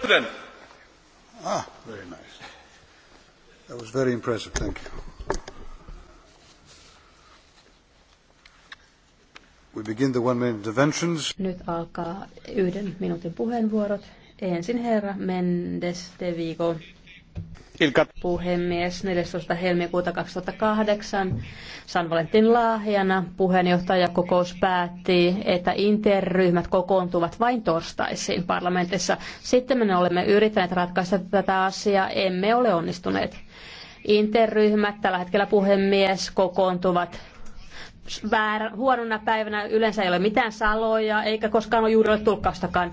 President. Ah, very nice. That was very impressive. Thank you. We begin the one minute interventions. Nyt alkaa yhden minuutin puheenvuorot. Ensin herra Mendes de Vigo puhemies 14. helmikuuta 2008 San Valentin lahjana puheenjohtajakokous päätti, että interryhmät kokoontuvat vain torstaisin parlamentissa. Sitten me olemme yrittäneet ratkaista tätä asiaa, emme ole onnistuneet. Interryhmät tällä hetkellä puhemies kokoontuvat väärä, huonona päivänä yleensä ei ole mitään saloja, eikä koskaan ole juuri ole tulkkaustakaan.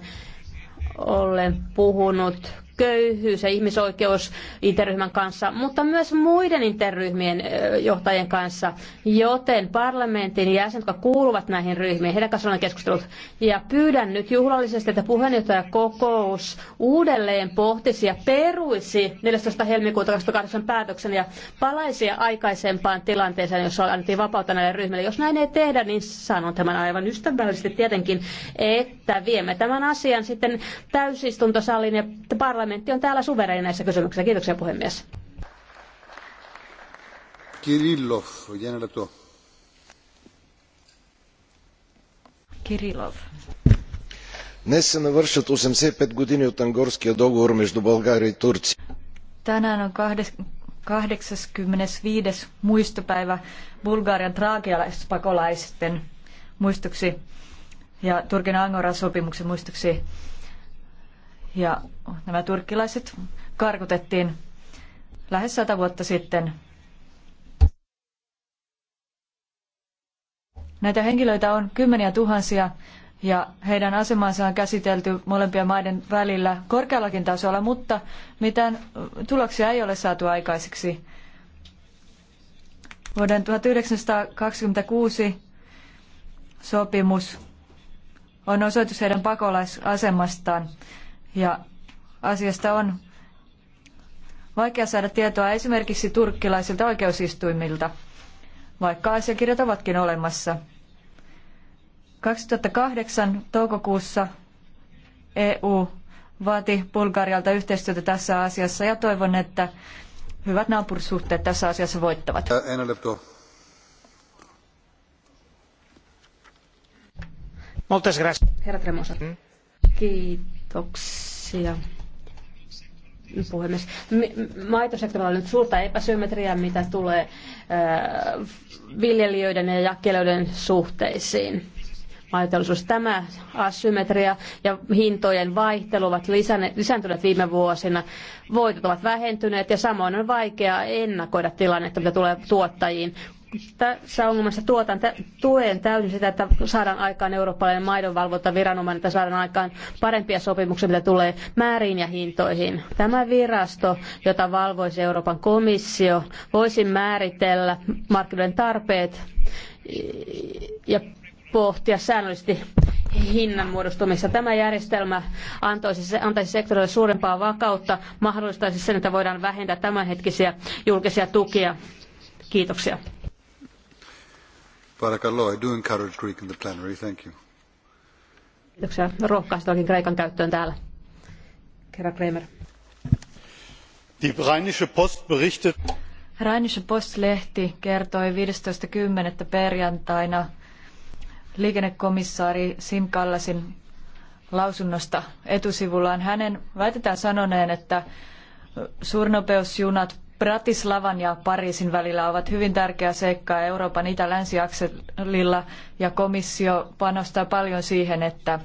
Olen puhunut köyhyys ja ihmisoikeus interryhmän kanssa, mutta myös muiden interryhmien johtajien kanssa, joten parlamentin jäsenet, jotka kuuluvat näihin ryhmiin, heidän kanssaan on keskustellut. Ja pyydän nyt juhlallisesti, että puheenjohtajakokous uudelleen pohtisi ja peruisi 14. helmikuuta 2008 päätöksen ja palaisi aikaisempaan tilanteeseen, jossa annettiin vapautta näille ryhmille. Jos näin ei tehdä, niin sanon tämän aivan ystävällisesti tietenkin, että viemme tämän asian sitten täysistuntosaliin ja parlamentin parlamentti on täällä suvereeni näissä kysymyksissä. Kiitoksia puhemies. Kirillov, jäänellä Kirillov. Днес се навършват 85 години от Ангорския договор между България и Турция. Tänään on 85. muistopäivä Bulgarian traagialaispakolaisten muistoksi ja Turkin Angoran sopimuksen muistoksi. Ja nämä turkkilaiset karkotettiin lähes sata vuotta sitten. Näitä henkilöitä on kymmeniä tuhansia ja heidän asemansa on käsitelty molempien maiden välillä korkeallakin tasolla, mutta mitään tuloksia ei ole saatu aikaiseksi. Vuoden 1926 sopimus on osoitus heidän pakolaisasemastaan ja asiasta on vaikea saada tietoa esimerkiksi turkkilaisilta oikeusistuimilta, vaikka asiakirjat ovatkin olemassa. 2008 toukokuussa EU vaati Bulgarialta yhteistyötä tässä asiassa ja toivon, että hyvät naapurisuhteet tässä asiassa voittavat. Herra Tremosa. Mm. Kiitos Kiitoksia puhemies. Maitosektorilla on nyt suurta epäsymmetriaa, mitä tulee äh, viljelijöiden ja jakelijoiden suhteisiin. Maitollisuus. Tämä asymmetria ja hintojen vaihtelu ovat lisääntyneet viime vuosina. Voitot ovat vähentyneet ja samoin on vaikeaa ennakoida tilannetta, mitä tulee tuottajiin tässä ongelmassa tuotan, tuen täysin sitä, että saadaan aikaan eurooppalainen maidonvalvontaviranomainen, että saadaan aikaan parempia sopimuksia, mitä tulee määriin ja hintoihin. Tämä virasto, jota valvoisi Euroopan komissio, voisi määritellä markkinoiden tarpeet ja pohtia säännöllisesti hinnan muodostumista. Tämä järjestelmä antaisi, antaisi sektorille suurempaa vakautta, mahdollistaisi sen, että voidaan vähentää tämänhetkisiä julkisia tukia. Kiitoksia. Parakallo, I do encourage Greek in the plenary, thank you. Kiitoksia. No, Kreikan käyttöön täällä. Die Rheinische Post berichtet... Rheinische Post-lehti kertoi 15.10. perjantaina liikennekomissaari Sim Kallasin lausunnosta etusivullaan. Hänen väitetään sanoneen, että suurnopeusjunat Bratislavan ja Pariisin välillä ovat hyvin tärkeä seikka Euroopan itä-länsiakselilla ja komissio panostaa paljon siihen, että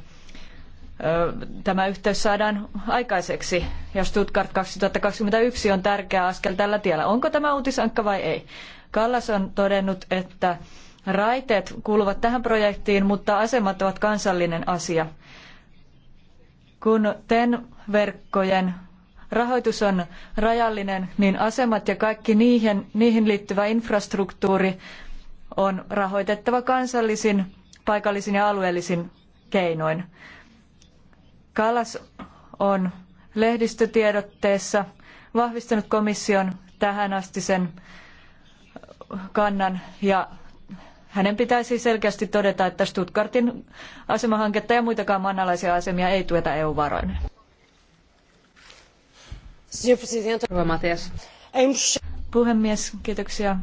tämä yhteys saadaan aikaiseksi ja Stuttgart 2021 on tärkeä askel tällä tiellä. Onko tämä uutisankka vai ei? Kallas on todennut, että raiteet kuuluvat tähän projektiin, mutta asemat ovat kansallinen asia. Kun TEN-verkkojen rahoitus on rajallinen, niin asemat ja kaikki niihin, niihin liittyvä infrastruktuuri on rahoitettava kansallisin, paikallisin ja alueellisin keinoin. Kallas on lehdistötiedotteessa vahvistanut komission tähänastisen kannan ja hänen pitäisi selkeästi todeta, että Stuttgartin asemahanketta ja muitakaan maanalaisia asemia ei tueta EU-varoin. Puhemies, kiitoksia.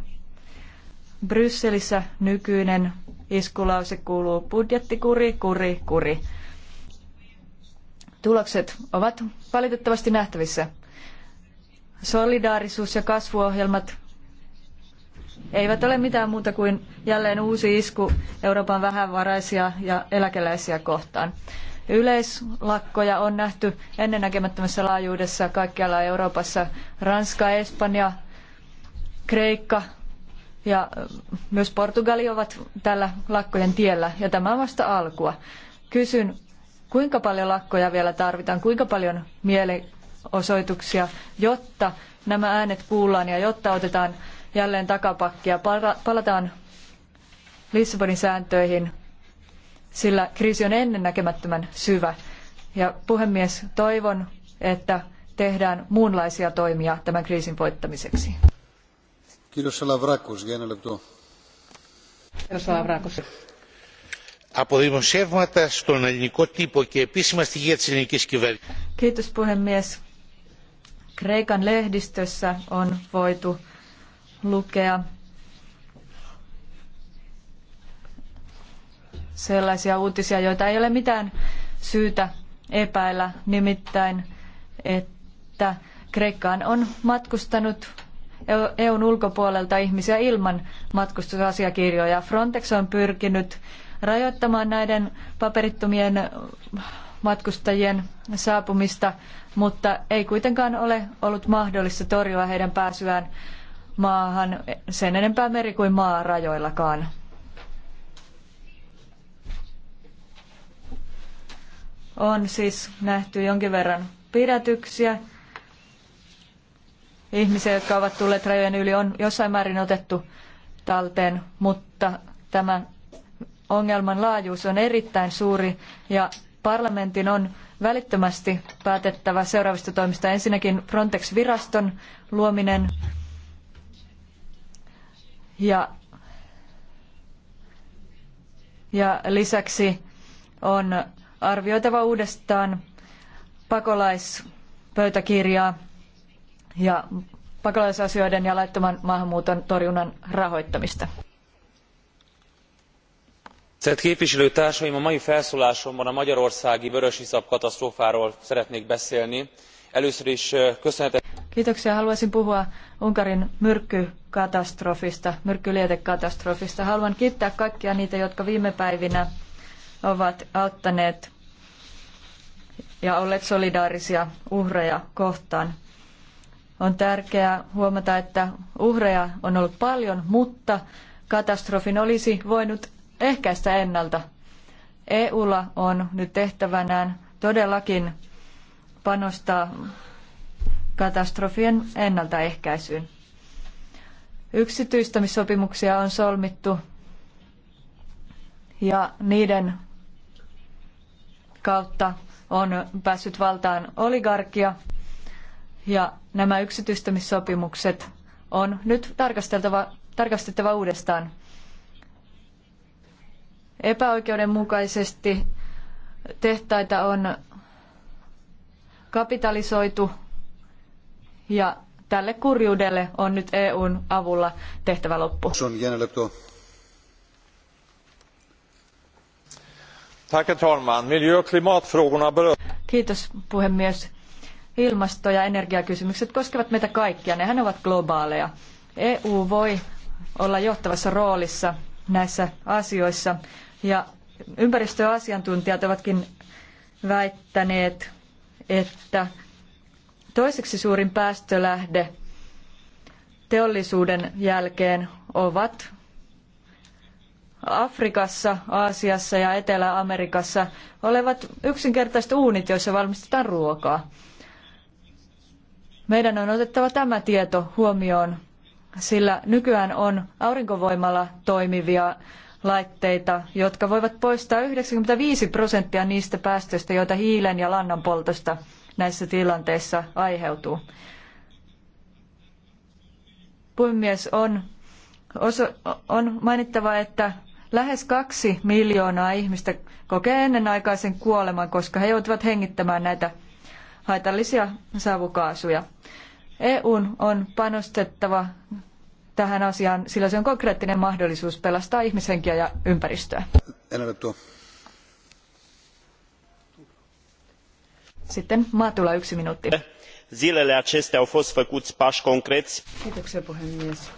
Brysselissä nykyinen iskulause kuuluu budjettikuri, kuri, kuri. Tulokset ovat valitettavasti nähtävissä. Solidaarisuus ja kasvuohjelmat eivät ole mitään muuta kuin jälleen uusi isku Euroopan vähävaraisia ja eläkeläisiä kohtaan. Yleislakkoja on nähty ennennäkemättömässä laajuudessa kaikkialla Euroopassa. Ranska, Espanja, Kreikka ja myös Portugali ovat tällä lakkojen tiellä ja tämä on vasta alkua. Kysyn, kuinka paljon lakkoja vielä tarvitaan, kuinka paljon mielenosoituksia, jotta nämä äänet kuullaan ja jotta otetaan jälleen takapakkia, palataan Lissabonin sääntöihin sillä kriisi on ennennäkemättömän syvä. Ja puhemies, toivon, että tehdään muunlaisia toimia tämän kriisin voittamiseksi. Kiitos Salavrakos, Kiitos Salavrakos. Από δημοσιεύματα στον ελληνικό τύπο και επίσημα στοιχεία της ελληνικής κυβέρνησης. Kiitos puhemies. Kreikan lehdistössä on voitu lukea sellaisia uutisia, joita ei ole mitään syytä epäillä, nimittäin että Kreikkaan on matkustanut EUn e ulkopuolelta ihmisiä ilman matkustusasiakirjoja. Frontex on pyrkinyt rajoittamaan näiden paperittomien matkustajien saapumista, mutta ei kuitenkaan ole ollut mahdollista torjua heidän pääsyään maahan sen enempää meri kuin maarajoillakaan. On siis nähty jonkin verran pidätyksiä. Ihmisiä, jotka ovat tulleet rajojen yli, on jossain määrin otettu talteen, mutta tämä ongelman laajuus on erittäin suuri ja parlamentin on välittömästi päätettävä seuraavista toimista. Ensinnäkin Frontex-viraston luominen ja, ja lisäksi on arvioitava uudestaan pakolaispöytäkirjaa ja pakolaisasioiden ja laittoman maahanmuuton torjunnan rahoittamista. Tisztelt képviselőtársaim, a mai felszólásomban a magyarországi vörösiszap katasztrófáról szeretnék beszélni. Először is köszönetet... Kiitoksia. Haluaisin puhua Unkarin myrkkykatastrofista, myrkkylietekatastrofista. Haluan kiittää kaikkia niitä, jotka viime päivinä ovat auttaneet ja olleet solidaarisia uhreja kohtaan. On tärkeää huomata, että uhreja on ollut paljon, mutta katastrofin olisi voinut ehkäistä ennalta. EUlla on nyt tehtävänään todellakin panostaa katastrofien ennaltaehkäisyyn. Yksityistämissopimuksia on solmittu ja niiden kautta on päässyt valtaan oligarkia ja nämä yksityistämissopimukset on nyt tarkasteltava, tarkastettava uudestaan. Epäoikeudenmukaisesti tehtaita on kapitalisoitu ja tälle kurjuudelle on nyt EUn avulla tehtävä loppu. Herr talman! Miljö- och klimatfrågorna berör... Kiitos puhemies. Ilmasto- ja energiakysymykset koskevat meitä kaikkia. Nehän ovat globaaleja. EU voi olla johtavassa roolissa näissä asioissa. Ja ympäristöasiantuntijat ovatkin väittäneet, että toiseksi suurin päästölähde teollisuuden jälkeen ovat Afrikassa, Aasiassa ja Etelä-Amerikassa olevat yksinkertaiset uunit, joissa valmistetaan ruokaa. Meidän on otettava tämä tieto huomioon, sillä nykyään on aurinkovoimalla toimivia laitteita, jotka voivat poistaa 95 prosenttia niistä päästöistä, joita hiilen ja lannan poltosta näissä tilanteissa aiheutuu. Puhemies, on, on mainittava, että Lähes kaksi miljoonaa ihmistä kokee ennenaikaisen kuoleman, koska he joutuvat hengittämään näitä haitallisia savukaasuja. EUn on panostettava tähän asiaan, sillä se on konkreettinen mahdollisuus pelastaa ihmishenkiä ja ympäristöä. Sitten Maatula yksi minuutti. Zilele acestea au fost făcuți pași concreți. Kiitoksia puhemies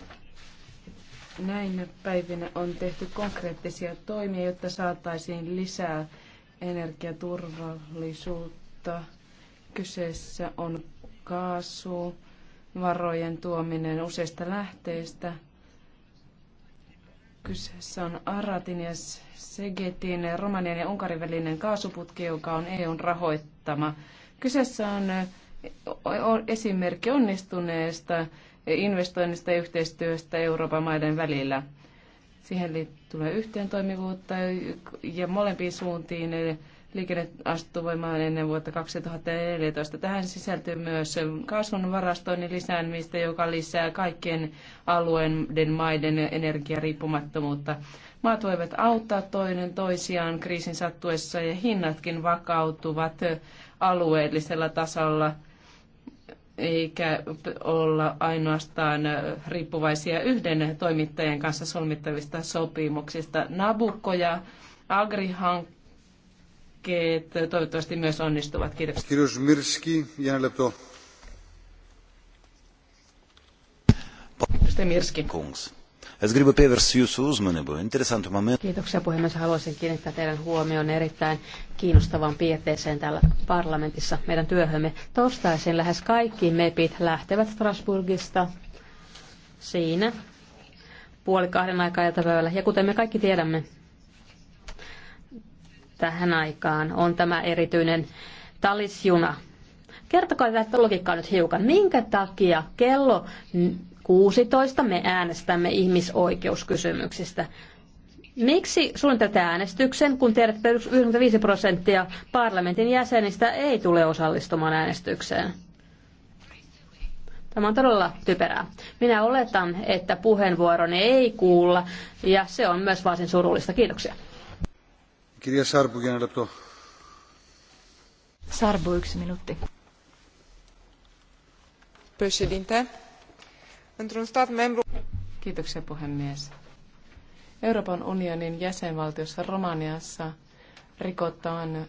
Näinä päivinä on tehty konkreettisia toimia, jotta saataisiin lisää energiaturvallisuutta. Kyseessä on kaasu, varojen tuominen useista lähteistä. Kyseessä on Aratin ja Segetin, Romanian ja Unkarin välinen kaasuputki, joka on EUn rahoittama. Kyseessä on esimerkki onnistuneesta investoinnista ja yhteistyöstä Euroopan maiden välillä. Siihen tulee yhteen toimivuutta ja molempiin suuntiin liikenne astuu voimaan ennen vuotta 2014. Tähän sisältyy myös kasvun varastoinnin lisäämistä, joka lisää kaikkien alueiden maiden energiariippumattomuutta. Maat voivat auttaa toinen toisiaan kriisin sattuessa ja hinnatkin vakautuvat alueellisella tasolla – eikä olla ainoastaan riippuvaisia yhden toimittajan kanssa solmittavista sopimuksista. Nabukko ja Agri-hankkeet toivottavasti myös onnistuvat. Kiitoksia. Kiitos Mirski, Mirski. Kungs. Es gribu pievērst jūsu uzmanību interesantu momentu. Kiitoksia puhemies. Haluaisin kiinnittää teidän huomioon erittäin kiinnostavaan piirteeseen täällä parlamentissa meidän työhömme. Torstaisin lähes kaikki mepit lähtevät Strasburgista siinä puoli kahden aikaa iltapäivällä. Ja kuten me kaikki tiedämme, tähän aikaan on tämä erityinen talisjuna, Kertokaa tätä logiikkaa nyt hiukan. Minkä takia kello 16 me äänestämme ihmisoikeuskysymyksistä. Miksi suunnitelta äänestyksen, kun tiedätte, että 95 prosenttia parlamentin jäsenistä ei tule osallistumaan äänestykseen? Tämä on todella typerää. Minä oletan, että puheenvuoroni ei kuulla, ja se on myös varsin surullista. Kiitoksia. Kirja Sarpu, Sarbu, yksi minuutti. Președinte, într-un stat membru... Kiitoksia puhemies. Euroopan unionin jäsenvaltiossa Romaniassa rikotaan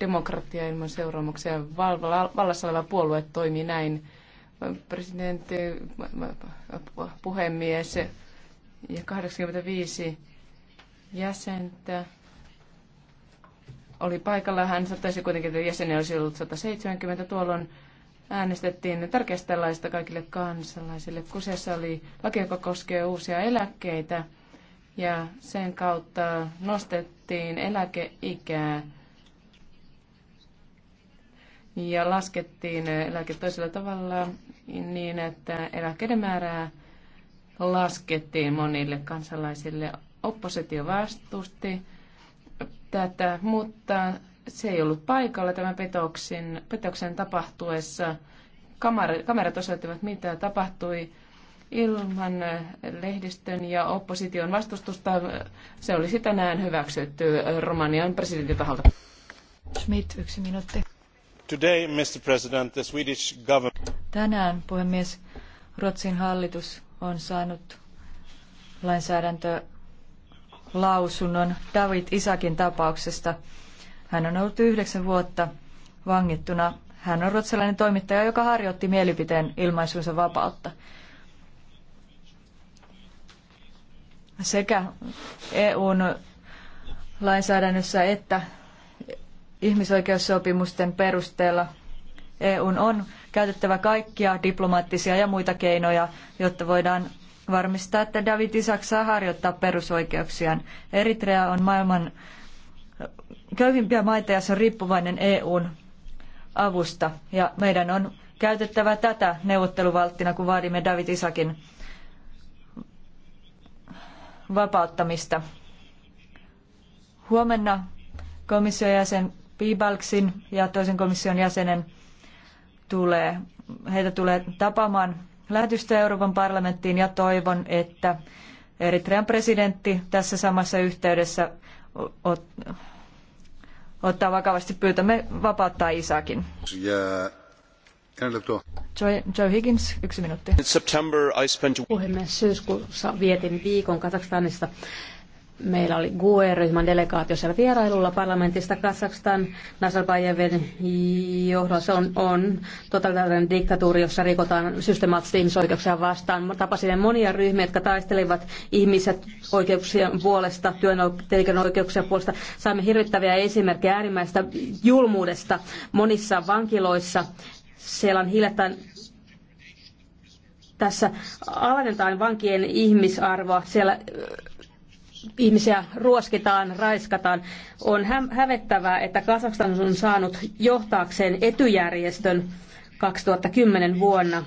demokratiaa ilman seuraamuksia. Vallassa oleva puolue toimii näin. Presidentti, puhemies ja 85 jäsentä oli paikalla. Hän saattaisi kuitenkin, että jäseniä olisi ollut 170 tuolloin äänestettiin tärkeästä laista kaikille kansalaisille. Kuseessa oli laki, joka koskee uusia eläkkeitä ja sen kautta nostettiin eläkeikää ja laskettiin eläke toisella tavalla niin, että eläkkeiden määrää laskettiin monille kansalaisille. Oppositio vastusti tätä, mutta se ei ollut paikalla tämän petoksen, petoksen tapahtuessa. Kamera, kamerat osoittivat, mitä tapahtui ilman lehdistön ja opposition vastustusta. Se olisi tänään hyväksytty Romanian presidentin taholta. Schmidt, yksi minuutti. Today, Mr. President, the Swedish government... Tänään, puhemies, Ruotsin hallitus on saanut lausunnon David Isakin tapauksesta. Hän on ollut yhdeksän vuotta vangittuna. Hän on ruotsalainen toimittaja, joka harjoitti mielipiteen ilmaisunsa vapautta. Sekä EUn lainsäädännössä että ihmisoikeussopimusten perusteella EUn on käytettävä kaikkia diplomaattisia ja muita keinoja, jotta voidaan varmistaa, että David Isak saa harjoittaa perusoikeuksiaan. Eritrea on maailman köyhimpiä maita ja se on riippuvainen EUn avusta. Ja meidän on käytettävä tätä neuvotteluvalttina, kun vaadimme David Isakin vapauttamista. Huomenna komission jäsen Pibalksin ja toisen komission jäsenen tulee, heitä tulee tapaamaan lähetystä Euroopan parlamenttiin ja toivon, että Eritrean presidentti tässä samassa yhteydessä ottaa vakavasti. Pyytämme vapauttaa Isakin. Joe, Joe Higgins, yksi minuutti. Puhemies, syyskuussa vietin viikon Kazakstanista meillä oli GUE-ryhmän delegaatio siellä vierailulla parlamentista Kazakstan Nazarbayevin johdolla. Se on, on totalitaarinen diktatuuri, jossa rikotaan systemaattisesti ihmisoikeuksia vastaan. Tapasin monia ryhmiä, jotka taistelivat ihmiset oikeuksien puolesta, työn oikeuksien puolesta. Saimme hirvittäviä esimerkkejä äärimmäistä julmuudesta monissa vankiloissa. Siellä on hiljattain tässä alennetaan vankien ihmisarvoa. Siellä ihmisiä ruoskitaan, raiskataan. On hävettävää, että Kazakstan on saanut johtaakseen etujärjestön 2010 vuonna.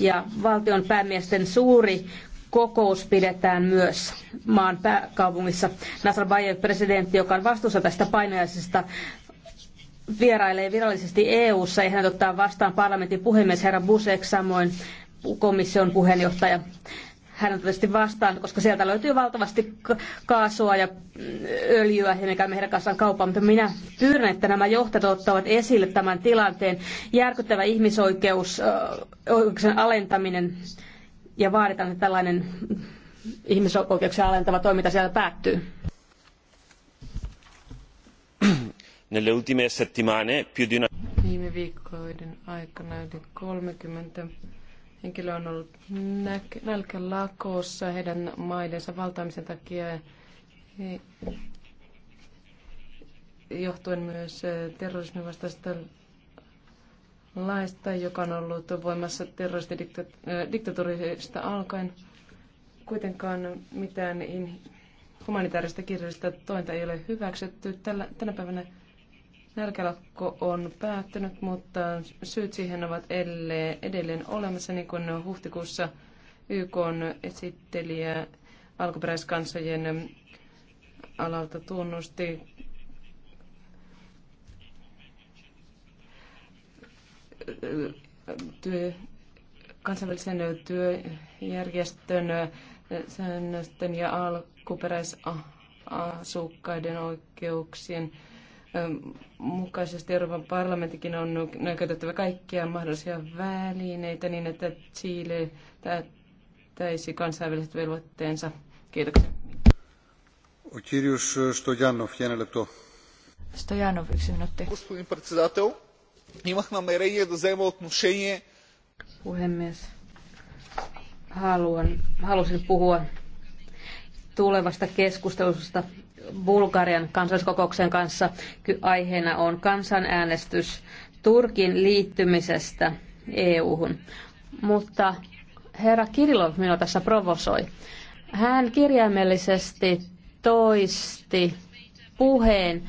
Ja valtion päämiesten suuri kokous pidetään myös maan pääkaupungissa. Nazarbayev presidentti, joka on vastuussa tästä painajaisesta, vierailee virallisesti EU-ssa ja hänet ottaa vastaan parlamentin puhemies herra Busek, samoin komission puheenjohtaja hän on tietysti vastaan, koska sieltä löytyy valtavasti kaasua ja öljyä, ja me käymme heidän kanssaan kauppaa, mutta minä pyydän, että nämä johtajat ottavat esille tämän tilanteen. Järkyttävä ihmisoikeus, oikeuksien alentaminen, ja vaaditaan, että tällainen ihmisoikeuksia alentava toiminta siellä päättyy. Nelle ultime settimane più di una... Viime viikkoiden aikana yli 30 Henkilö on ollut nälkälakossa heidän maidensa valtaamisen takia he, johtuen myös terrorismin vastaista laista, joka on ollut voimassa terroristidiktatuurista alkaen. Kuitenkaan mitään humanitaarista kirjallista tointa ei ole hyväksytty. Tällä, tänä päivänä Nälkälakko on päättynyt, mutta syyt siihen ovat edelleen olemassa, niin kuin huhtikuussa YK on esittelijä alkuperäiskansojen alalta tunnusti. Työ, kansainvälisen työjärjestön säännösten ja alkuperäisasukkaiden oikeuksien mukaisesti Euroopan parlamenttikin on käytettävä kaikkia mahdollisia välineitä niin, että Chile täyttäisi kansainväliset velvoitteensa. Kiitoksia. O Kirjus Stojanov, για tuo. λεπτό. yksi minuutti. Господин председател, имах намерение да взема отношение. Puhemies, haluan, halusin puhua tulevasta keskustelusta Bulgarian kansalliskokouksen kanssa. Aiheena on kansanäänestys Turkin liittymisestä EU-hun. Mutta herra Kirilov minua tässä provosoi. Hän kirjaimellisesti toisti puheen,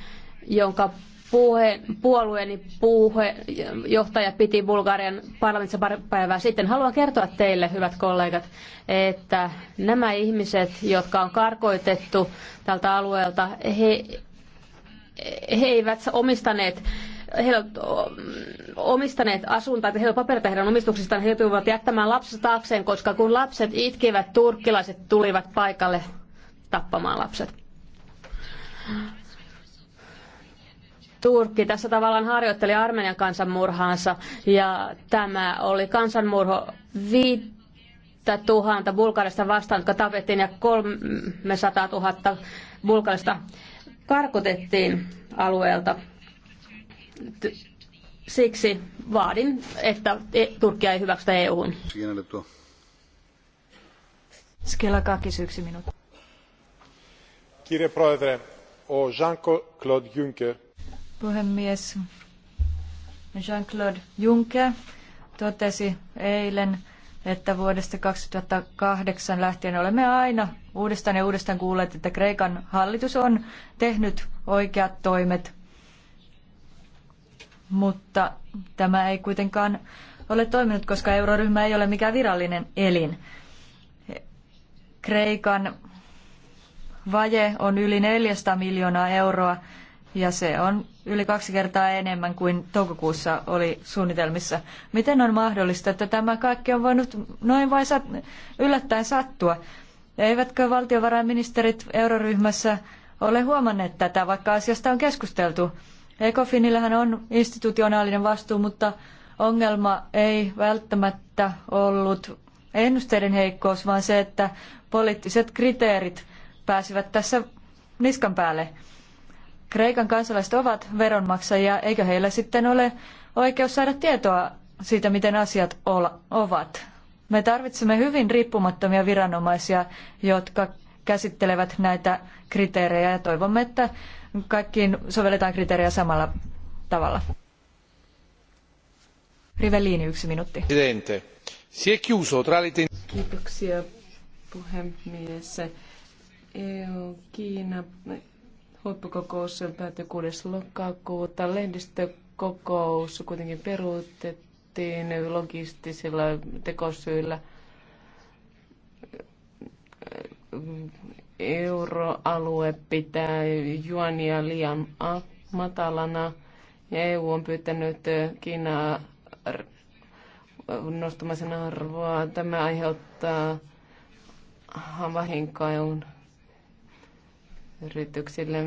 jonka puhe, puolueeni puheenjohtaja piti Bulgarian parlamentissa pari päivää sitten. Haluan kertoa teille, hyvät kollegat, että nämä ihmiset, jotka on karkoitettu tältä alueelta, he, he eivät omistaneet he ovat omistaneet asuntoa, että heillä on paperita heidän omistuksistaan, he joutuivat jättämään lapset taakseen, koska kun lapset itkivät, turkkilaiset tulivat paikalle tappamaan lapset. Turkki tässä tavallaan harjoitteli Armenian kansanmurhaansa ja tämä oli kansanmurho viittä tuhanta bulgarista vastaan, jotka tapettiin ja 300 000 bulgarista karkotettiin alueelta. Siksi vaadin, että e- Turkkia ei hyväksytä EU-hun. Skelakakis yksi minuutti. Κύριε Πρόεδρε, Jean-Claude Juncker puhemies. Jean-Claude Juncker totesi eilen, että vuodesta 2008 lähtien olemme aina uudestaan ja uudestaan kuulleet, että Kreikan hallitus on tehnyt oikeat toimet, mutta tämä ei kuitenkaan ole toiminut, koska euroryhmä ei ole mikään virallinen elin. Kreikan vaje on yli 400 miljoonaa euroa ja se on yli kaksi kertaa enemmän kuin toukokuussa oli suunnitelmissa. Miten on mahdollista, että tämä kaikki on voinut noin vain sat- yllättäen sattua? Eivätkö valtiovarainministerit euroryhmässä ole huomanneet tätä, vaikka asiasta on keskusteltu? Ecofinillähän on institutionaalinen vastuu, mutta ongelma ei välttämättä ollut ennusteiden heikkous, vaan se, että poliittiset kriteerit pääsivät tässä niskan päälle. Kreikan kansalaiset ovat veronmaksajia, eikö heillä sitten ole oikeus saada tietoa siitä, miten asiat ovat. Me tarvitsemme hyvin riippumattomia viranomaisia, jotka käsittelevät näitä kriteerejä ja toivomme, että kaikkiin sovelletaan kriteerejä samalla tavalla. Rivellini, yksi minuutti. Presidente, Kiitoksia, puhemies. EU-Kiina Huippukokous päättynyt 6. lokakuuta. Lehdistökokous kuitenkin peruutettiin logistisilla tekosyillä. Euroalue pitää juania liian matalana ja EU on pyytänyt Kiinaa nostamaan sen arvoa. Tämä aiheuttaa vahinkoa yrityksille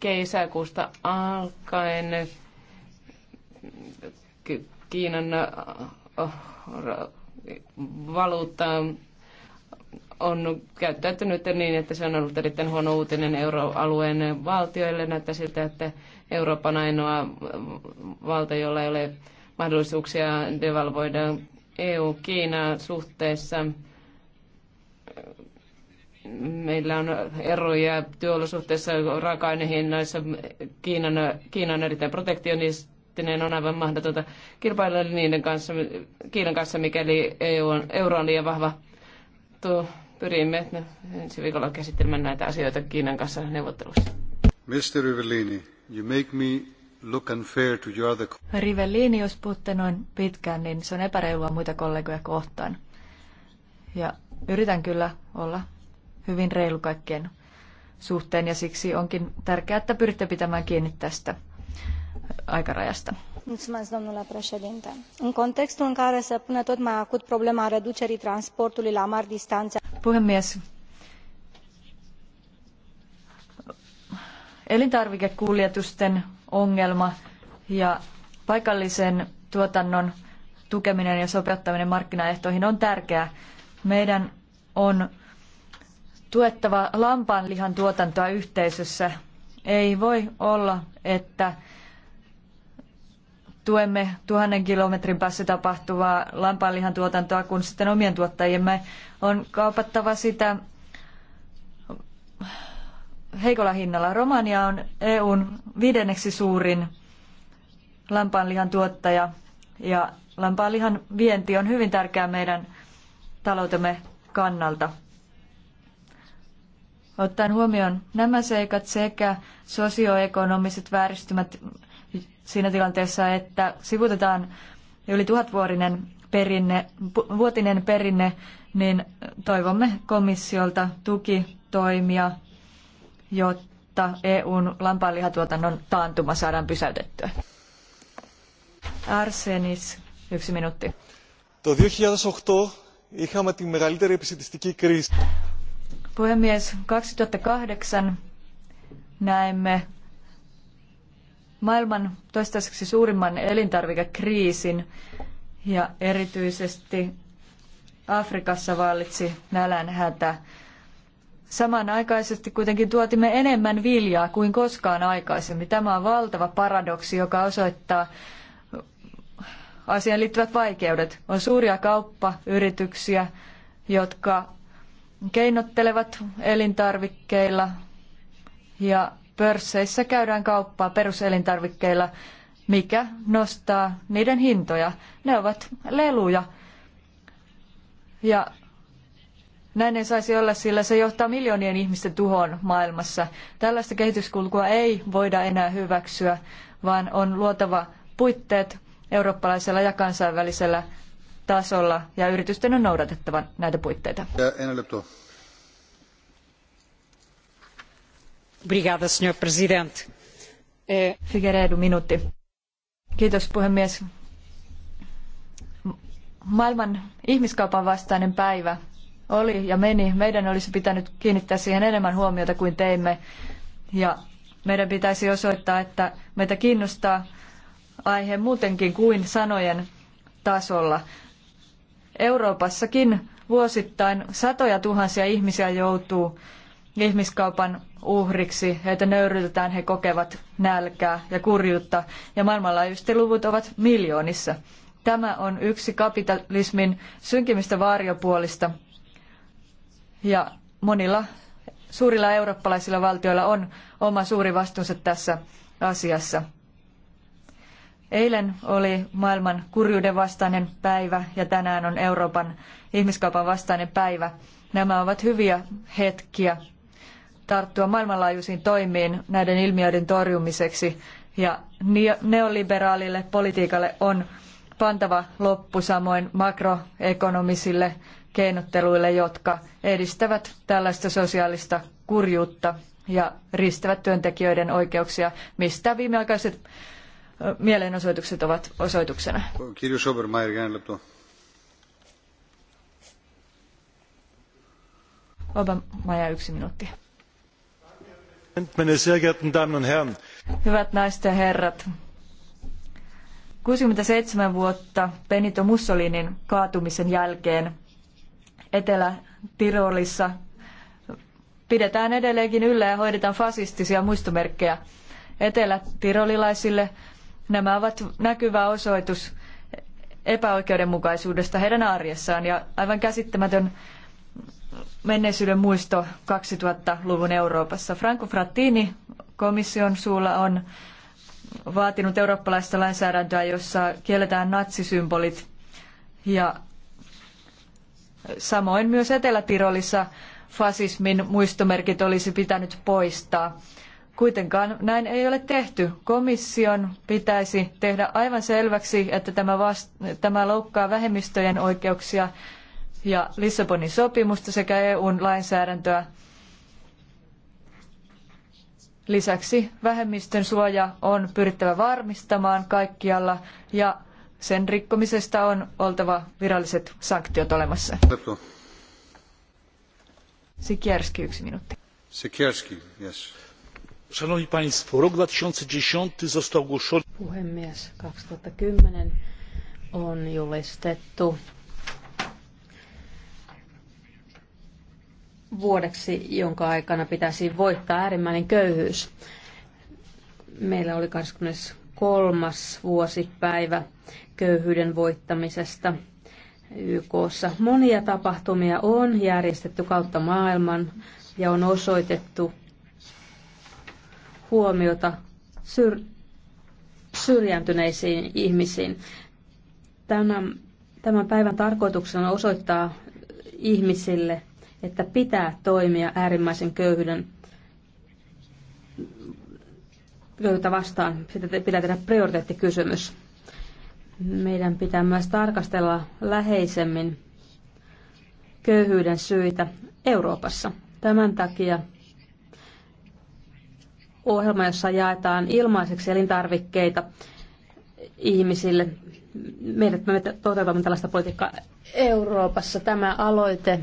kesäkuusta alkaen Kiinan äh, valuutta on käyttäytynyt niin, että se on ollut erittäin huono uutinen euroalueen valtioille. Näyttää siltä, että Euroopan ainoa valta, jolla ei ole mahdollisuuksia devalvoida EU-Kiinaa suhteessa meillä on eroja työolosuhteissa, raaka-ainehinnoissa. Kiinan, Kiinan on erittäin protektionistinen, on aivan mahdotonta kilpailla niiden kanssa, Kiinan kanssa, mikäli EU on, euro on liian vahva. Tuo, pyrimme no, ensi viikolla käsittelemään näitä asioita Kiinan kanssa neuvottelussa. Mr. Rivellini, you make me look unfair to your other... Rivellini, jos puhutte noin pitkään, niin se on epäreilua muita kollegoja kohtaan. Ja yritän kyllä olla hyvin reilu kaikkien suhteen ja siksi onkin tärkeää, että pyritte pitämään kiinni tästä aikarajasta. În contextul în care se pune tot mai acut problema reducerii transportului la mari distanțe. Puhemies, elintarvikekuljetusten ongelma ja paikallisen tuotannon tukeminen ja sopeuttaminen markkinaehtoihin on tärkeää meidän on tuettava lampaanlihan tuotantoa yhteisössä. Ei voi olla, että tuemme tuhannen kilometrin päässä tapahtuvaa lampaanlihan tuotantoa, kun sitten omien tuottajiemme on kaupattava sitä heikolla hinnalla. Romania on EUn viidenneksi suurin lampaanlihan tuottaja ja lampaanlihan vienti on hyvin tärkeää meidän taloutemme kannalta. Ottaen huomioon nämä seikat sekä sosioekonomiset vääristymät siinä tilanteessa, että sivutetaan yli tuhatvuotinen perinne, vuotinen perinne, niin toivomme komissiolta tukitoimia, jotta EUn lampaanlihatuotannon taantuma saadaan pysäytettyä. Arsenis, yksi minuutti. Το 2008 είχαμε τη μεγαλύτερη επιστημιστική κρίση. Puhemies, 2008 näemme maailman toistaiseksi suurimman elintarvikekriisin ja erityisesti Afrikassa vallitsi nälänhätä. Samanaikaisesti kuitenkin tuotimme enemmän viljaa kuin koskaan aikaisemmin. Tämä on valtava paradoksi, joka osoittaa, asiaan liittyvät vaikeudet. On suuria kauppayrityksiä, jotka keinottelevat elintarvikkeilla ja pörsseissä käydään kauppaa peruselintarvikkeilla, mikä nostaa niiden hintoja. Ne ovat leluja. Ja näin ei saisi olla, sillä se johtaa miljoonien ihmisten tuhoon maailmassa. Tällaista kehityskulkua ei voida enää hyväksyä, vaan on luotava puitteet eurooppalaisella ja kansainvälisellä tasolla ja yritysten on noudatettava näitä puitteita. Obrigada, presidente. Figueiredo, minuutti. Kiitos puhemies. Maailman ihmiskaupan vastainen päivä oli ja meni. Meidän olisi pitänyt kiinnittää siihen enemmän huomiota kuin teimme. Ja meidän pitäisi osoittaa, että meitä kiinnostaa aihe muutenkin kuin sanojen tasolla. Euroopassakin vuosittain satoja tuhansia ihmisiä joutuu ihmiskaupan uhriksi, heitä nöyrytetään, he kokevat nälkää ja kurjuutta, ja maailmanlaajuisesti luvut ovat miljoonissa. Tämä on yksi kapitalismin synkimmistä varjopuolista, ja monilla suurilla eurooppalaisilla valtioilla on oma suuri vastuunsa tässä asiassa. Eilen oli maailman kurjuuden vastainen päivä ja tänään on Euroopan ihmiskaupan vastainen päivä. Nämä ovat hyviä hetkiä tarttua maailmanlaajuisiin toimiin näiden ilmiöiden torjumiseksi ja neoliberaalille politiikalle on pantava loppu samoin makroekonomisille keinotteluille, jotka edistävät tällaista sosiaalista kurjuutta ja ristävät työntekijöiden oikeuksia, mistä viimeaikaiset mielenosoitukset ovat osoituksena. Kirjus yksi minuutti. Hyvät naiset ja herrat, 67 vuotta Benito Mussolinin kaatumisen jälkeen Etelä-Tirolissa pidetään edelleenkin yllä ja hoidetaan fasistisia muistomerkkejä etelätirolilaisille Nämä ovat näkyvä osoitus epäoikeudenmukaisuudesta heidän arjessaan ja aivan käsittämätön menneisyyden muisto 2000-luvun Euroopassa. Franco Frattini komission suulla on vaatinut eurooppalaista lainsäädäntöä, jossa kielletään natsisymbolit ja samoin myös Etelä-Tirolissa fasismin muistomerkit olisi pitänyt poistaa. Kuitenkaan näin ei ole tehty. Komission pitäisi tehdä aivan selväksi, että tämä, vast, tämä loukkaa vähemmistöjen oikeuksia ja Lissabonin sopimusta sekä EUn lainsäädäntöä. Lisäksi vähemmistön suoja on pyrittävä varmistamaan kaikkialla ja sen rikkomisesta on oltava viralliset sanktiot olemassa. Sikierski yksi minuutti. Sikierski, yes rok 2010 został ogłoszony... Puhemies, 2010 on julistettu vuodeksi, jonka aikana pitäisi voittaa äärimmäinen köyhyys. Meillä oli 23. vuosipäivä köyhyyden voittamisesta YKssa. Monia tapahtumia on järjestetty kautta maailman ja on osoitettu, huomiota syr- syrjäytyneisiin ihmisiin. Tämän, tämän päivän tarkoituksena on osoittaa ihmisille, että pitää toimia äärimmäisen köyhyyden köyhyyttä vastaan. Sitä pitää tehdä prioriteettikysymys. Meidän pitää myös tarkastella läheisemmin köyhyyden syitä Euroopassa. Tämän takia ohjelma, jossa jaetaan ilmaiseksi elintarvikkeita ihmisille. Meidät, me toteutamme tällaista politiikkaa Euroopassa. Tämä aloite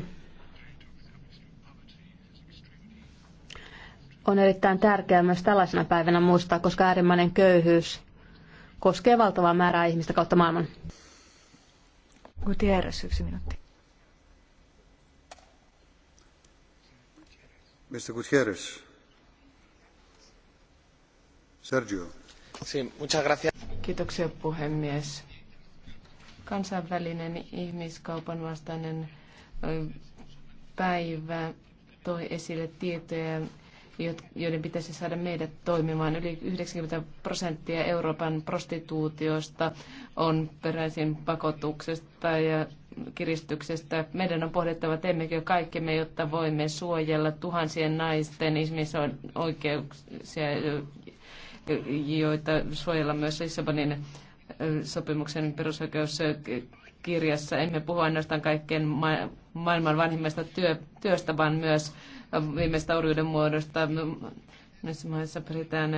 on erittäin tärkeää myös tällaisena päivänä muistaa, koska äärimmäinen köyhyys koskee valtavaa määrää ihmistä kautta maailman. Gutierrez, yksi minuutti. Mr. Gutierrez. Sergio. Kiitoksia puhemies. Kansainvälinen ihmiskaupan vastainen päivä toi esille tietoja, joiden pitäisi saada meidät toimimaan. Yli 90 prosenttia Euroopan prostituutiosta on peräisin pakotuksesta ja kiristyksestä. Meidän on pohdittava, teemmekö kaikkemme, jotta voimme suojella tuhansien naisten ihmisoikeuksia joita suojella myös Lissabonin sopimuksen perusoikeuskirjassa. Emme puhu ainoastaan kaikkien ma- maailman vanhimmasta työ- työstä, vaan myös viimeistä orjuuden muodosta. Näissä maissa pyritään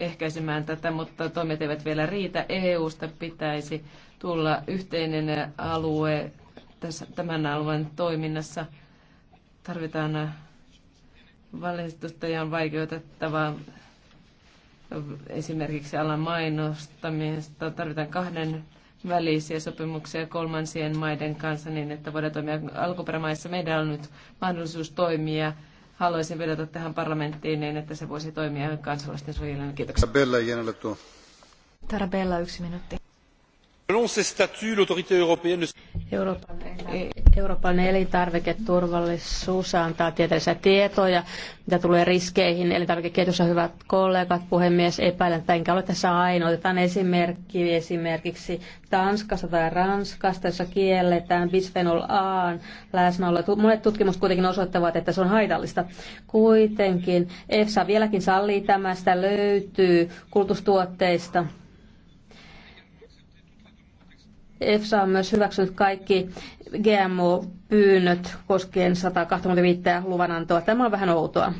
ehkäisemään tätä, mutta toimet eivät vielä riitä. EUsta pitäisi tulla yhteinen alue tässä, tämän alueen toiminnassa. Tarvitaan valistusta ja on vaikeutettava esimerkiksi alan mainostamista. Tarvitaan kahden välisiä sopimuksia kolmansien maiden kanssa niin, että voidaan toimia alkuperämaissa. Meidän on nyt mahdollisuus toimia. Haluaisin vedota tähän parlamenttiin niin, että se voisi toimia kansalaisten suojelun. Kiitoksia. Tarabella, yksi minuutti. Euroopan, e- Euroopan elintarviketurvallisuus antaa tieteellisiä tietoja, mitä tulee riskeihin. Elintarvikeketjussa hyvät kollegat, puhemies, epäilen, että enkä ole tässä ainoa. Otetaan esimerkki esimerkiksi Tanskasta tai Ranskasta, jossa kielletään bisphenol A läsnäolo. Monet tutkimukset kuitenkin osoittavat, että se on haitallista. Kuitenkin EFSA vieläkin sallii tämä, sitä löytyy kulutustuotteista EFSA on myös hyväksynyt kaikki GMO-pyynnöt koskien 125 luvanantoa. Tämä on vähän outoa.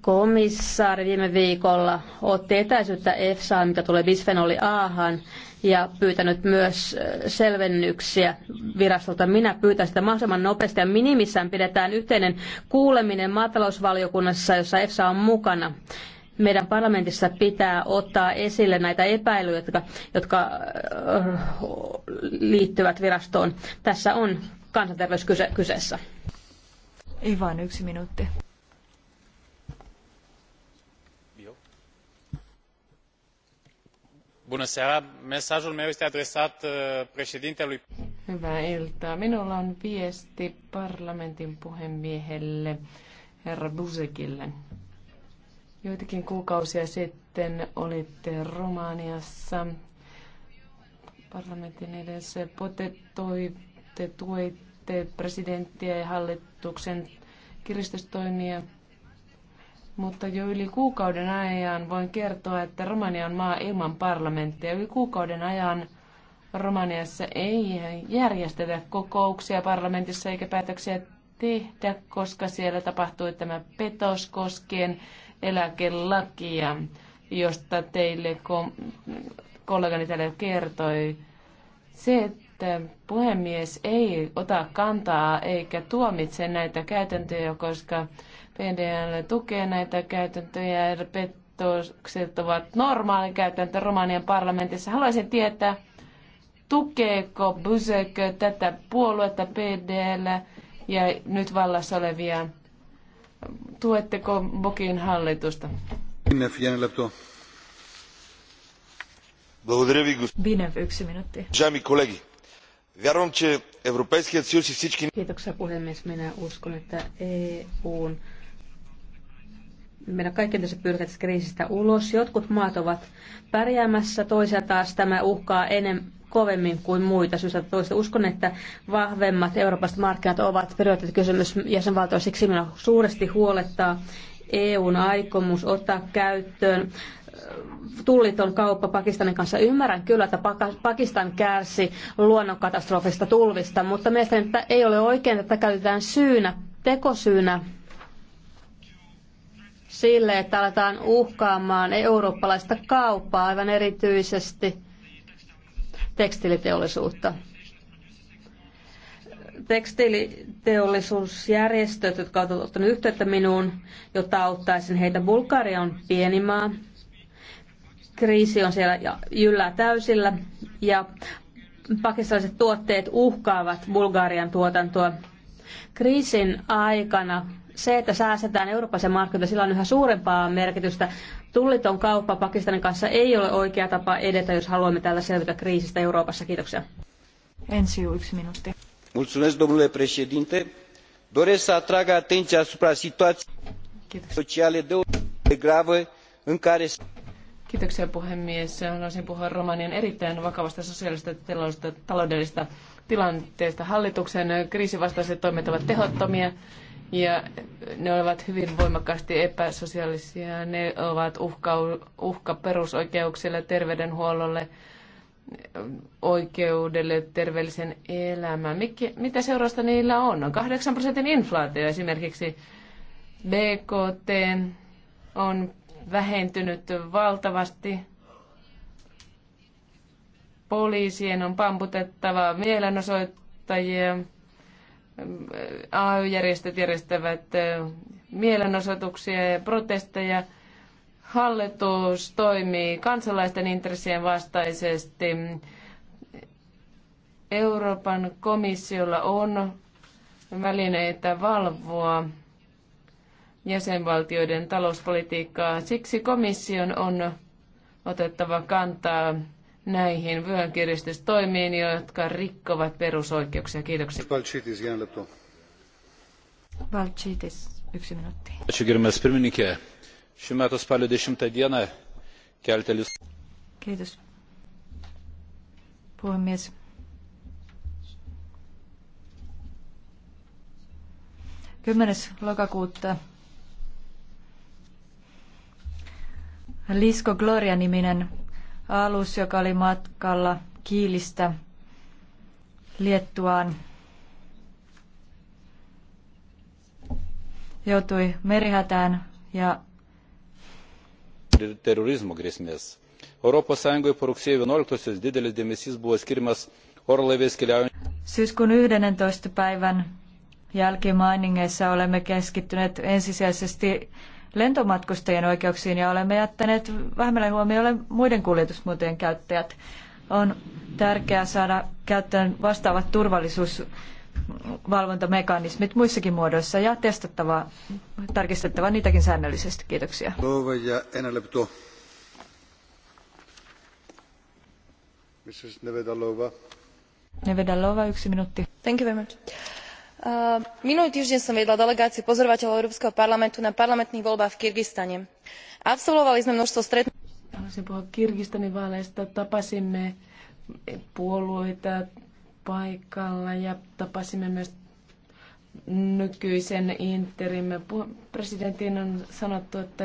Komissaari viime viikolla otti etäisyyttä EFSAan, mikä tulee bisfenoli Ahan, ja pyytänyt myös selvennyksiä virastolta. Minä pyytän sitä mahdollisimman nopeasti ja minimissään pidetään yhteinen kuuleminen maatalousvaliokunnassa, jossa EFSA on mukana meidän parlamentissa pitää ottaa esille näitä epäilyjä, jotka, jotka liittyvät virastoon. Tässä on kansanterveys kyse, kyseessä. Ei vain yksi minuutti. mesajul meu este adresat uh, președintelui Hyvää iltaa. Minulla on viesti parlamentin puhemiehelle herra Buzekille. Joitakin kuukausia sitten olitte Romaniassa parlamentin edessä. Potetoitte, toitte, tuitte presidenttiä ja hallituksen kiristystoimia. Mutta jo yli kuukauden ajan voin kertoa, että Romania on maa ilman parlamenttia. Yli kuukauden ajan Romaniassa ei järjestetä kokouksia parlamentissa eikä päätöksiä tehdä, koska siellä tapahtui tämä petos koskien eläkelakia, josta teille kollegani täällä kertoi. Se, että puhemies ei ota kantaa eikä tuomitse näitä käytäntöjä, koska PDL tukee näitä käytäntöjä ja petokset ovat normaali käytäntö Romanian parlamentissa. Haluaisin tietää, tukeeko Busek tätä puoluetta PDL ja nyt vallassa olevia Tuetteko Bokin hallitusta? Binev, yksi minuutti. Jami kollegi. Вярвам, että Euroopan съюз и всички... Kiitoksia puhemies. Minä uskon, että on Meidän kaikki tässä pyrkät kriisistä ulos. Jotkut maat ovat pärjäämässä, toisia taas tämä uhkaa enemmän kovemmin kuin muita syystä toista. Uskon, että vahvemmat Euroopan markkinat ovat periaatekysymys jäsenvaltioissa. Siksi minua suuresti huolettaa EUn aikomus ottaa käyttöön äh, tulliton kauppa Pakistanin kanssa. Ymmärrän kyllä, että Pakistan kärsi luonnonkatastrofista tulvista, mutta mielestäni että ei ole oikein, että käytetään syynä, tekosyynä sille, että aletaan uhkaamaan eurooppalaista kauppaa aivan erityisesti – tekstiiliteollisuutta. Tekstiiliteollisuusjärjestöt, jotka ovat ottaneet yhteyttä minuun, jotta auttaisin heitä. Bulgaria on pieni maa. Kriisi on siellä jyllää täysillä ja pakistalaiset tuotteet uhkaavat Bulgarian tuotantoa. Kriisin aikana se, että säästetään Euroopassa markkinoita, sillä on yhä suurempaa merkitystä. Tulliton kauppa Pakistanin kanssa ei ole oikea tapa edetä, jos haluamme tällä selvitä kriisistä Euroopassa. Kiitoksia. Ensi yksi minuutti. Mulțumesc, domnule președinte. Doresc să atrag atenția asupra situației sociale de gravă în care... Kiitoksia puhemies. Haluaisin puhua Romanian erittäin vakavasta sosiaalista ja taloudellista tilanteesta. Hallituksen kriisivastaiset toimet ovat tehottomia ja ne ovat hyvin voimakkaasti epäsosiaalisia. Ne ovat uhka, uhka perusoikeuksille, terveydenhuollolle, oikeudelle, terveellisen elämään. Mikä, mitä seurausta niillä on? On 8 prosentin inflaatio esimerkiksi. BKT on vähentynyt valtavasti. Poliisien on pamputettava mielenosoittajia AY-järjestöt järjestävät mielenosoituksia ja protesteja. Hallitus toimii kansalaisten intressien vastaisesti. Euroopan komissiolla on välineitä valvoa jäsenvaltioiden talouspolitiikkaa. Siksi komission on otettava kantaa näihin vyönkiristystoimiin, jotka rikkovat perusoikeuksia. Kiitoksia. Valtsiitis, yksi minuutti. Ačiū, Kiitos. Puhemies. Kymmenes lokakuutta Lisko Gloria-niminen alus, joka oli matkalla Kiilistä Liettuaan, joutui merihätään ja terrorismo grėsmės. Europos Sąjungoje po rugsėjo 11 didelis dėmesys buvo skirimas orlaivės keliaujant. Syyskuun 11. päivän jälkimainingeissa olemme keskittyneet ensisijaisesti lentomatkustajien oikeuksiin ja olemme jättäneet vähemmälle huomiolle muiden kuljetusmuotojen käyttäjät. On tärkeää saada käyttöön vastaavat turvallisuusvalvontamekanismit muissakin muodoissa ja testattava, tarkistettava niitäkin säännöllisesti. Kiitoksia. Nevedalova, yksi minuutti. Thank you very much. Uh, minulý týždeň som viedla delegáciu pozorovateľov európskeho parlamentu na parlamentných voľbách v kirgizsku. absolvovali sme množstvo stretnutí nykyisen interimme presidentin on sanottu, että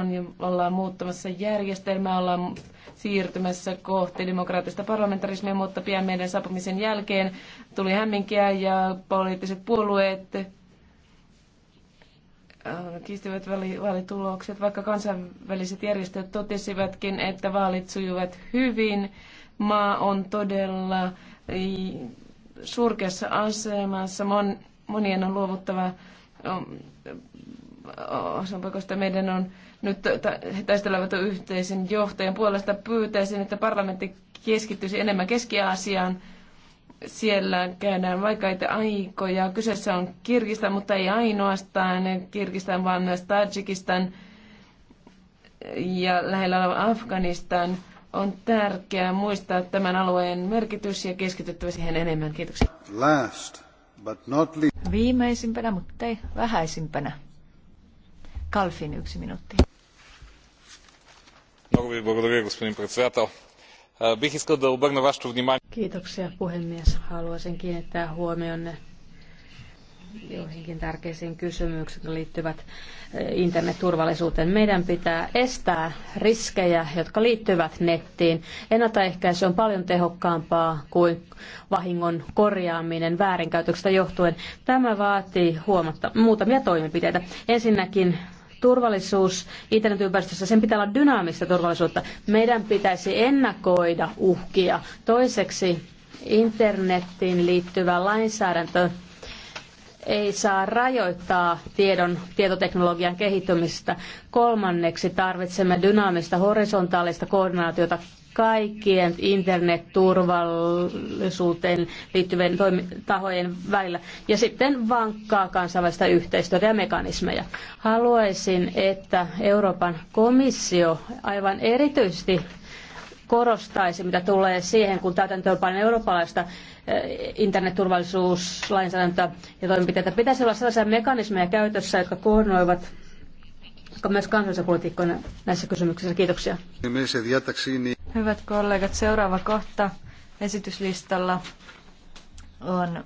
on ja ollaan muuttamassa järjestelmää, ollaan siirtymässä kohti demokraattista parlamentarismia, mutta pian meidän saapumisen jälkeen tuli hämminkiä ja poliittiset puolueet äh, kiistivät vaalitulokset, vaikka kansainväliset järjestöt totesivatkin, että vaalit sujuvat hyvin. Maa on todella surkeassa asemassa. Mon, monien on luovuttava osanpakosta meidän on nyt taistelevat yhteisen johtajan puolesta. Pyytäisin, että parlamentti keskittyisi enemmän Keski-Aasiaan. Siellä käydään vaikaita aikoja. Kyseessä on Kirgistan, mutta ei ainoastaan Kirgistan, vaan myös Tajikistan ja lähellä oleva Afganistan. On tärkeää muistaa tämän alueen merkitys ja keskityttävä siihen enemmän. Kiitoksia. Last but not least. Viimeisimpänä, mutta ei vähäisimpänä. Kalfin yksi minuutti. Kiitoksia puhemies. Haluaisin kiinnittää huomionne joihinkin tärkeisiin kysymyksiin, jotka liittyvät eh, internetturvallisuuteen. Meidän pitää estää riskejä, jotka liittyvät nettiin. Ennaltaehkäisy on paljon tehokkaampaa kuin vahingon korjaaminen väärinkäytöksestä johtuen. Tämä vaatii huomatta muutamia toimenpiteitä. Ensinnäkin turvallisuus internetympäristössä, sen pitää olla dynaamista turvallisuutta. Meidän pitäisi ennakoida uhkia. Toiseksi internetin liittyvä lainsäädäntö ei saa rajoittaa tiedon, tietoteknologian kehittymistä. Kolmanneksi tarvitsemme dynaamista horisontaalista koordinaatiota kaikkien internetturvallisuuteen liittyvien tahojen välillä ja sitten vankkaa kansainvälistä yhteistyötä ja mekanismeja. Haluaisin, että Euroopan komissio aivan erityisesti korostaisi, mitä tulee siihen, kun täytäntöönpanen eurooppalaista eh, internetturvallisuuslainsäädäntöä ja toimenpiteitä. Pitäisi olla sellaisia mekanismeja käytössä, jotka koordinoivat myös kansallisen politiikkoina näissä kysymyksissä. Kiitoksia. Hyvät kollegat, seuraava kohta esityslistalla on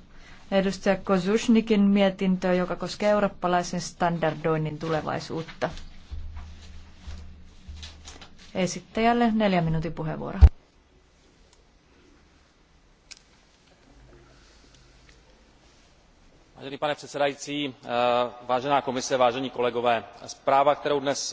edustaja Kosusnikin mietintö, joka koskee eurooppalaisen standardoinnin tulevaisuutta. Esittäjälle neljä minuutin puheenvuoro. Vážený pane předsedající, eh, vážená komise, vážení kolegové, zpráva, kterou dnes eh,